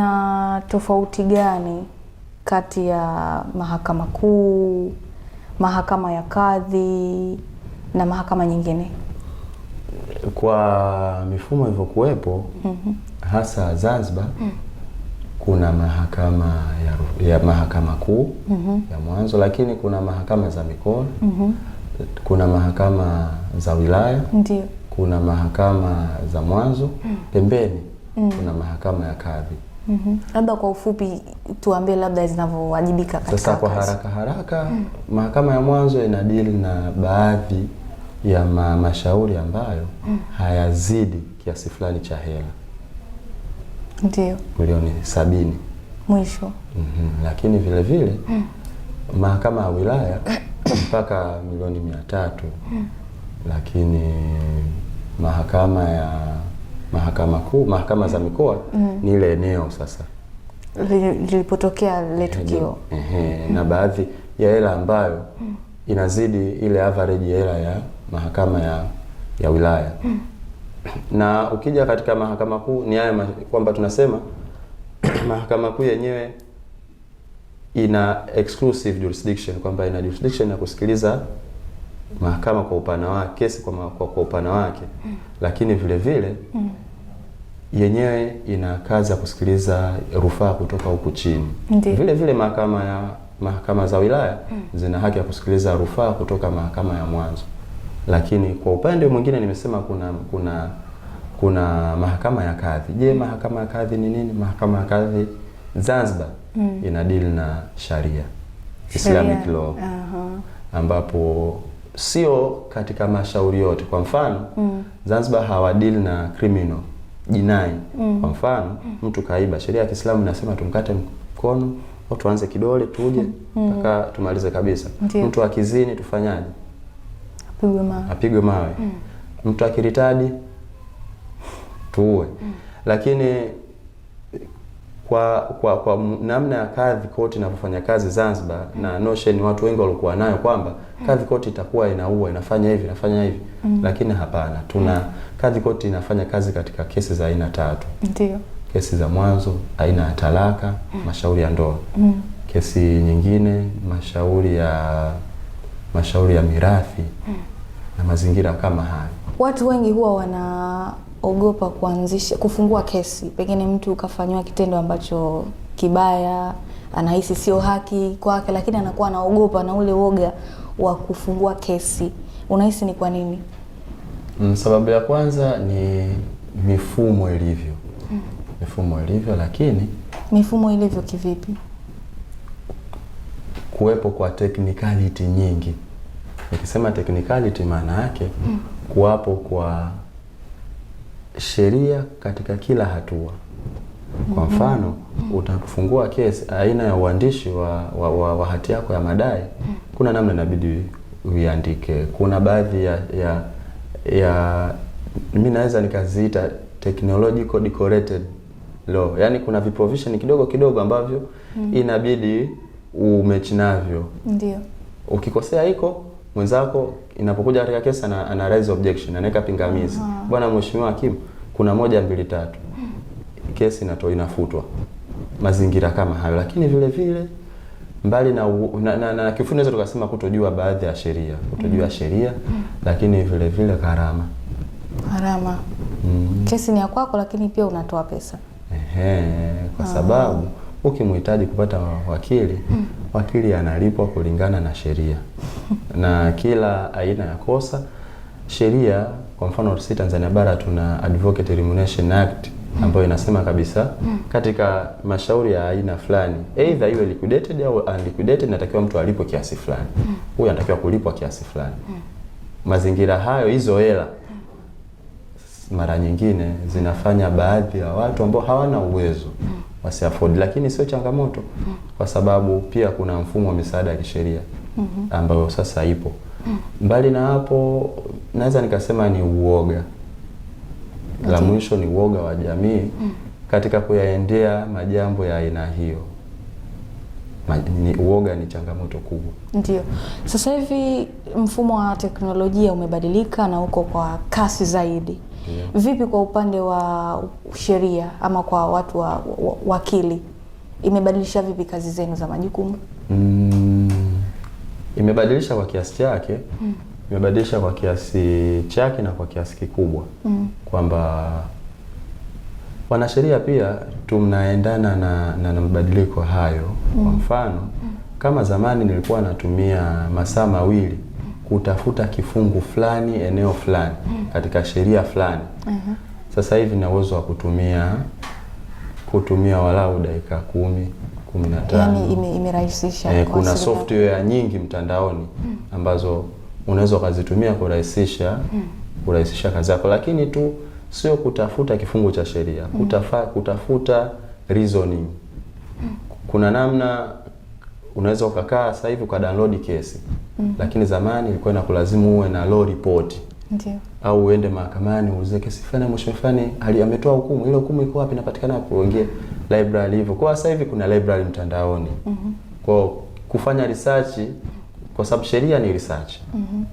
kuna tofauti gani kati ya mahakama kuu, mahakama ya kadhi na mahakama nyingine? Kwa mifumo ilivyokuwepo mm -hmm. hasa Zanzibar mm -hmm. kuna mahakama ya, ya mahakama kuu mm -hmm. ya mwanzo, lakini kuna mahakama za mikoa mm -hmm. kuna mahakama za wilaya Ndiyo. kuna mahakama za mwanzo mm -hmm. pembeni mm -hmm. kuna mahakama ya kadhi -hmm. Labda kwa ufupi tuambie labda zinavyowajibika katika sasa. Kwa haraka haraka, mm mahakama ya mwanzo inadili na baadhi ya ma mashauri ambayo mm hayazidi kiasi fulani cha hela, ndio milioni sabini mwisho mm -hmm. lakini vile vile mm mahakama ya wilaya mpaka milioni mia tatu mm lakini mahakama ya mahakama kuu, mahakama za mikoa mm. ni ile eneo sasa lilipotokea lile tukio mm. na baadhi ya hela ambayo mm. inazidi ile average ya hela ya mahakama ya, ya wilaya mm. na ukija katika mahakama kuu ni haya kwamba tunasema mahakama kuu yenyewe ina exclusive jurisdiction kwamba ina jurisdiction ya kusikiliza mahakama kwa upana wake, kesi kwa, kwa, kwa upana wake mm. Lakini vile vile mm. yenyewe ina kazi ya kusikiliza rufaa kutoka huku chini. Vile vile mahakama ya mahakama za wilaya mm. zina haki ya kusikiliza rufaa kutoka mahakama ya mwanzo, lakini kwa upande mwingine nimesema kuna kuna kuna mahakama ya kadhi. Je, mahakama ya kadhi ni nini? Mahakama ya kadhi Zanzibar mm. deal na sharia, Islamic law ambapo sio katika mashauri yote. Kwa mfano mm. Zanzibar hawadili na criminal jinai mm. Kwa mfano mm. mtu kaiba, sheria ya Kiislamu inasema tumkate mkono au tuanze kidole tuje mpaka mm. tumalize kabisa. Ndiyo. Mtu akizini tufanyaje? Apigwe mawe, apigwe mawe. Mm. Mtu akiritadi tuue mm. Lakini kwa kwa, kwa namna ya kadhi koti inavyofanya kazi Zanzibar mm. na notion watu wengi walikuwa nayo kwamba kadhi koti itakuwa inaua inafanya hivi inafanya hivi mm. lakini hapana, tuna mm. kadhi koti inafanya kazi katika kesi za aina tatu, ndio kesi za mwanzo aina ya talaka mm. mashauri ya ndoa mm. kesi nyingine mashauri ya mashauri ya mirathi mm. na mazingira kama haya. Watu wengi huwa wana ogopa kuanzisha kufungua kesi, pengine mtu kafanyiwa kitendo ambacho kibaya, anahisi sio haki kwake, lakini anakuwa anaogopa na ule woga wa kufungua kesi. Unahisi ni kwa nini? Mm, sababu ya kwanza ni mifumo ilivyo. Mm. Mifumo ilivyo, lakini mifumo ilivyo kivipi? Kuwepo kwa technicality nyingi. Nikisema technicality maana yake mm, kuwapo kwa sheria katika kila hatua. Kwa mhm. mfano, utafungua kesi aina ya uandishi wa, wa, wa, wa hati yako ya madai, mhm. kuna namna inabidi uiandike. Kuna baadhi ya, ya, ya mimi naweza nikaziita technological decorated law, yaani kuna viprovision kidogo kidogo ambavyo mm. inabidi umechi navyo, ndio ukikosea hiko mwenzako inapokuja katika kesi ana, ana raise objection, anaweka pingamizi, bwana mheshimiwa hakimu kuna moja mbili tatu, kesi inato inafutwa, mazingira kama hayo. Lakini vile vile mbali na, na, na, na kiufundi naweza tukasema kutojua baadhi ya sheria, kutojua mm. sheria mm. lakini vile vile gharama gharama mm. kesi ni ya kwako, lakini pia unatoa pesa ehe, kwa ah. sababu ukimhitaji kupata wakili mm. wakili analipwa kulingana na sheria na kila aina ya kosa sheria kwa mfano sisi Tanzania bara tuna Advocate Remuneration Act mm. ambayo inasema kabisa mm. katika mashauri ya aina fulani, either iwe liquidated au unliquidated, inatakiwa mtu alipwe kiasi fulani, mm. huyu anatakiwa kulipwa kiasi fulani. Mazingira hayo, hizo hela mara nyingine zinafanya baadhi ya watu ambao hawana uwezo wasi afford, lakini sio changamoto, kwa sababu pia kuna mfumo wa misaada ya kisheria mm-hmm. ambayo sasa ipo. Mbali na hapo, naweza nikasema ni uoga. La mwisho ni uoga wa jamii mm. katika kuyaendea majambo ya aina hiyo. Ni uoga ni changamoto kubwa. Ndio. Sasa hivi mfumo wa teknolojia umebadilika na uko kwa kasi zaidi. Ndio. Vipi kwa upande wa sheria ama kwa watu wa wakili, imebadilisha vipi kazi zenu za majukumu? Mm imebadilisha kwa kiasi chake mm. imebadilisha kwa kiasi chake na kwa kiasi kikubwa mm. kwamba wanasheria pia tunaendana na, na, na mabadiliko hayo mm. kwa mfano mm. kama zamani nilikuwa natumia masaa mawili mm. kutafuta kifungu fulani eneo fulani mm. katika sheria fulani uh -huh. Sasa hivi na uwezo wa kutumia kutumia walau dakika kumi yani ime, eh, kuna software nyingi mtandaoni mm. ambazo unaweza ukazitumia kurahisisha mm. kurahisisha kazi yako, lakini tu sio kutafuta kifungu cha sheria mm. kutafa, kutafuta reasoning mm. kuna namna unaweza ukakaa sasa hivi download kesi mm. lakini zamani ilikuwa inakulazimu uwe na law report Ndiyo. au uende mahakamani uuze kesi fulani, mheshimiwa fulani ametoa hukumu, ile hukumu iko wapi, inapatikana, kuongea library hivyo. Kwa sasa hivi kuna library mtandaoni. Mm -hmm. Kwa kufanya research kwa sababu sheria ni research. Mm -hmm.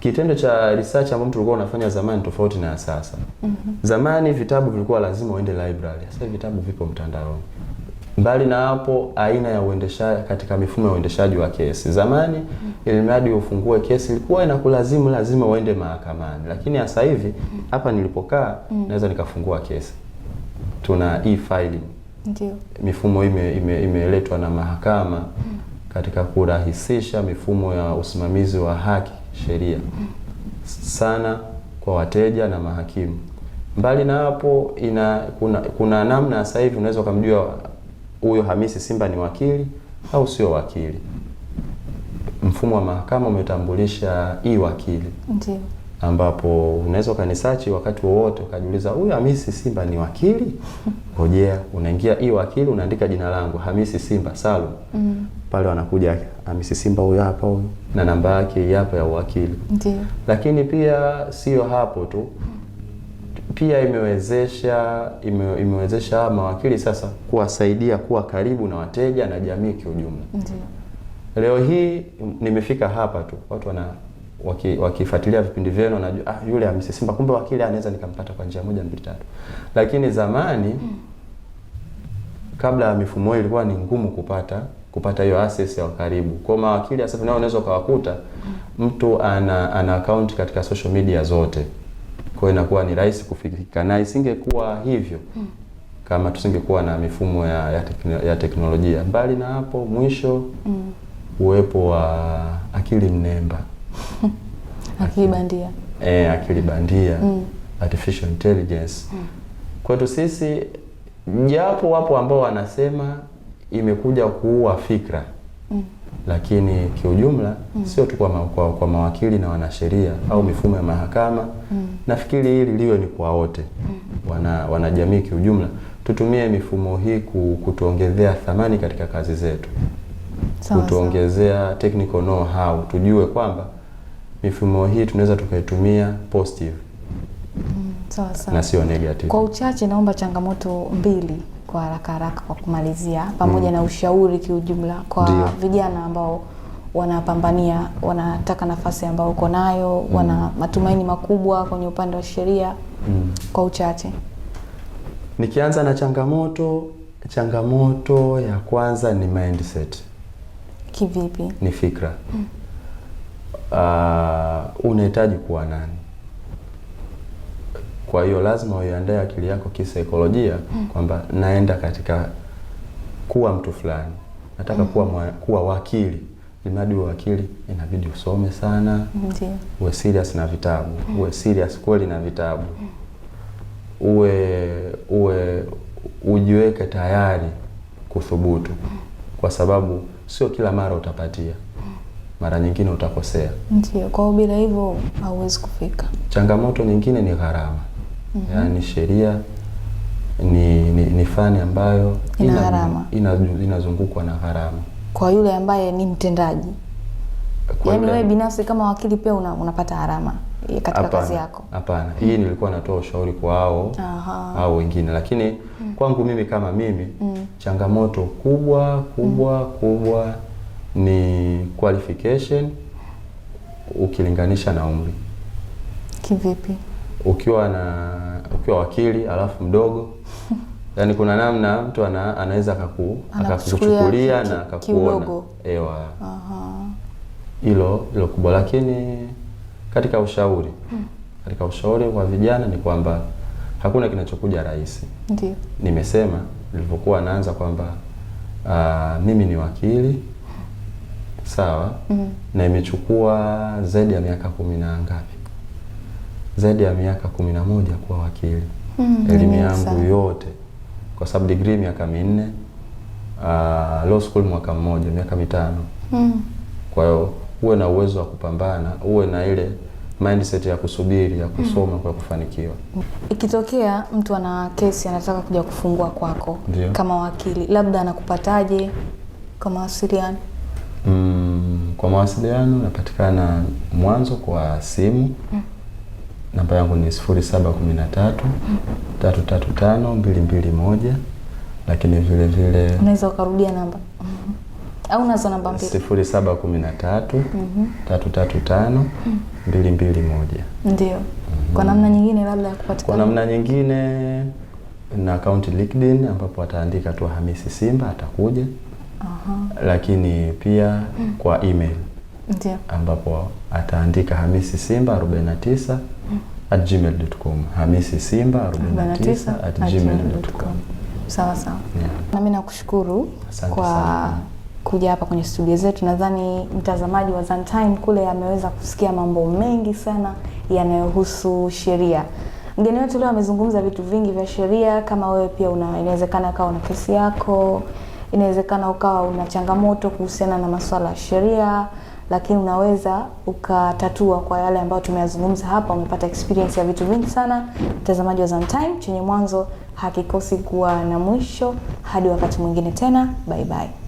Kitendo cha research ambacho mtu ulikuwa unafanya zamani tofauti na sasa. Mm -hmm. Zamani vitabu vilikuwa lazima uende library. Sasa vitabu vipo mtandaoni. Mbali na hapo, aina ya uendeshaji katika mifumo ya uendeshaji wa kesi zamani, mm -hmm. ilimradi ufungue kesi ilikuwa inakulazimu lazima uende mahakamani, lakini sasa hivi mhm. hapa nilipokaa, mm -hmm. naweza nikafungua kesi tuna e-filing. Ndiyo. Mifumo hii ime, imeletwa ime na mahakama mm. katika kurahisisha mifumo ya usimamizi wa haki sheria mm. sana kwa wateja na mahakimu. Mbali na hapo ina kuna, kuna namna sasa hivi unaweza ukamjua huyo Hamisi Simba ni wakili au sio wakili. Mfumo wa mahakama umetambulisha i wakili. Ndiyo ambapo unaweza ukanisachi wakati wowote ukajiuliza huyu Hamisi Simba ni wakili? Ngojea, unaingia hii wakili, unaandika jina langu Hamisi Simba Salum. Mm. Pale wanakuja Hamisi Simba huyu hapa huyu na namba yake hapa ya uwakili. Ndiyo. Lakini pia sio hapo tu. Pia imewezesha ime, imewezesha mawakili sasa kuwasaidia kuwa karibu na wateja na jamii kiujumla. Ndiyo. Leo hii nimefika hapa tu. Watu wana wakifuatilia waki vipindi vyenu wanajua ah, yule Hamisi Simba, kumbe wakili anaweza nikampata kwa njia moja mbili tatu. Lakini zamani mm. kabla ya mifumo hiyo ilikuwa ni ngumu kupata kupata hiyo access ya karibu. Kwa mawakili sasa nao unaweza ukawakuta mm. mtu ana ana account katika social media zote, kwa hiyo inakuwa ni rahisi kufikika, na isingekuwa hivyo mm. kama tusingekuwa na mifumo ya, ya, tekn ya teknolojia. Mbali na hapo mwisho mm. uwepo wa akili mnemba mm akili bandia e, eh, akili bandia mm. artificial intelligence mm. Kwetu sisi japo wapo ambao wanasema imekuja kuua fikra mm. Lakini kiujumla mm. sio tu kwa, ma, kwa, kwa mawakili na wanasheria mm. au mifumo ya mahakama mm. nafikiri hili liwe ni kwa wote mm. wana wanajamii kiujumla, tutumie mifumo hii kutuongezea thamani katika kazi zetu, kutuongezea technical know how, tujue kwamba mifumo hii tunaweza tukaitumia positive mm, sawa sawa, na sio negative. Kwa uchache, naomba changamoto mbili kwa haraka haraka kwa kumalizia, pamoja mm. na ushauri kiujumla kwa Dio. vijana ambao wanapambania wanataka nafasi ambayo uko nayo mm. wana matumaini makubwa kwenye upande wa sheria mm. kwa uchache, nikianza na changamoto, changamoto ya kwanza ni mindset. Kivipi? Ni fikra mm uh, unahitaji kuwa nani. Kwa hiyo lazima uiandae akili yako kisaikolojia mm. kwamba naenda katika kuwa mtu fulani, nataka mm. kuwa, mwa, kuwa wakili Mradi wa wakili inabidi usome sana, ndiyo. Uwe serious na vitabu mm. uwe serious kweli na vitabu mm. uwe uwe ujiweke tayari kuthubutu mm. kwa sababu sio kila mara utapatia mara nyingine utakosea. Ndio, kwa hiyo bila hivyo hauwezi kufika. Changamoto nyingine ni gharama. mm -hmm. Yaani sheria ni, ni, ni fani ambayo ina gharama, inazungukwa ina, na gharama kwa yule ambaye ni mtendaji. Yaani wewe binafsi kama wakili pia una, unapata gharama e, katika apana, kazi yako. Hapana, hii mm. nilikuwa natoa ushauri kwa hao au wengine, lakini mm. kwangu mimi kama mimi mm. changamoto kubwa kubwa mm. kubwa ni qualification ukilinganisha na umri. Kivipi? ukiwa na ukiwa wakili alafu mdogo yani, kuna namna mtu ana, anaweza akakuchukulia na akakuona ewa. Hilo hilo kubwa, lakini katika ushauri hmm. katika ushauri kwa vijana ni kwamba hakuna kinachokuja rahisi. Ndio nimesema nilivyokuwa naanza kwamba uh, mimi ni wakili sawa mm -hmm. na imechukua zaidi ya miaka kumi na ngapi, zaidi ya miaka kumi na moja kuwa wakili mm -hmm. elimu yangu yote, kwa sababu degree miaka minne, uh, law school mwaka mmoja, miaka mitano mm -hmm. kwa hiyo uwe na uwezo wa kupambana, uwe na ile mindset ya kusubiri ya mhm. kusoma mm. kwa kufanikiwa. Ikitokea mtu ana kesi anataka kuja kufungua kwako Dio. kama wakili, labda anakupataje kwa mawasiliano? mm. Kwa mawasiliano napatikana mwanzo kwa simu mm. Namba yangu ni 0713 335 221, lakini vile vile unaweza ukarudia namba mm-hmm. au unazo namba mbili, sifuri saba kumi na tatu mm-hmm. tatu tatu tano mm. mbili mbili moja. Ndio. Mm-hmm. Kwa namna nyingine labda ya kupatikana, kwa namna nyingine na akaunti LinkedIn ambapo ataandika tu Hamisi Simba atakuja. mm lakini pia mm. kwa email Ndiyo. ambapo ataandika Hamisi Simba 49 mm. at gmail.com, Hamisi Simba 49 at gmail.com. Sawa sawa, yeah. Nami nakushukuru kwa sana kuja hapa kwenye studio zetu. Nadhani mtazamaji wa Zantime kule ameweza kusikia mambo mengi sana yanayohusu sheria. Mgeni wetu leo amezungumza vitu vingi vya sheria. Kama wewe pia inawezekana kawa una kesi yako inawezekana ukawa una changamoto kuhusiana na masuala ya sheria, lakini unaweza ukatatua kwa yale ambayo tumeyazungumza hapa. Umepata experience ya vitu vingi sana, mtazamaji wa Zantime, chenye mwanzo hakikosi kuwa na mwisho. Hadi wakati mwingine tena, bye bye.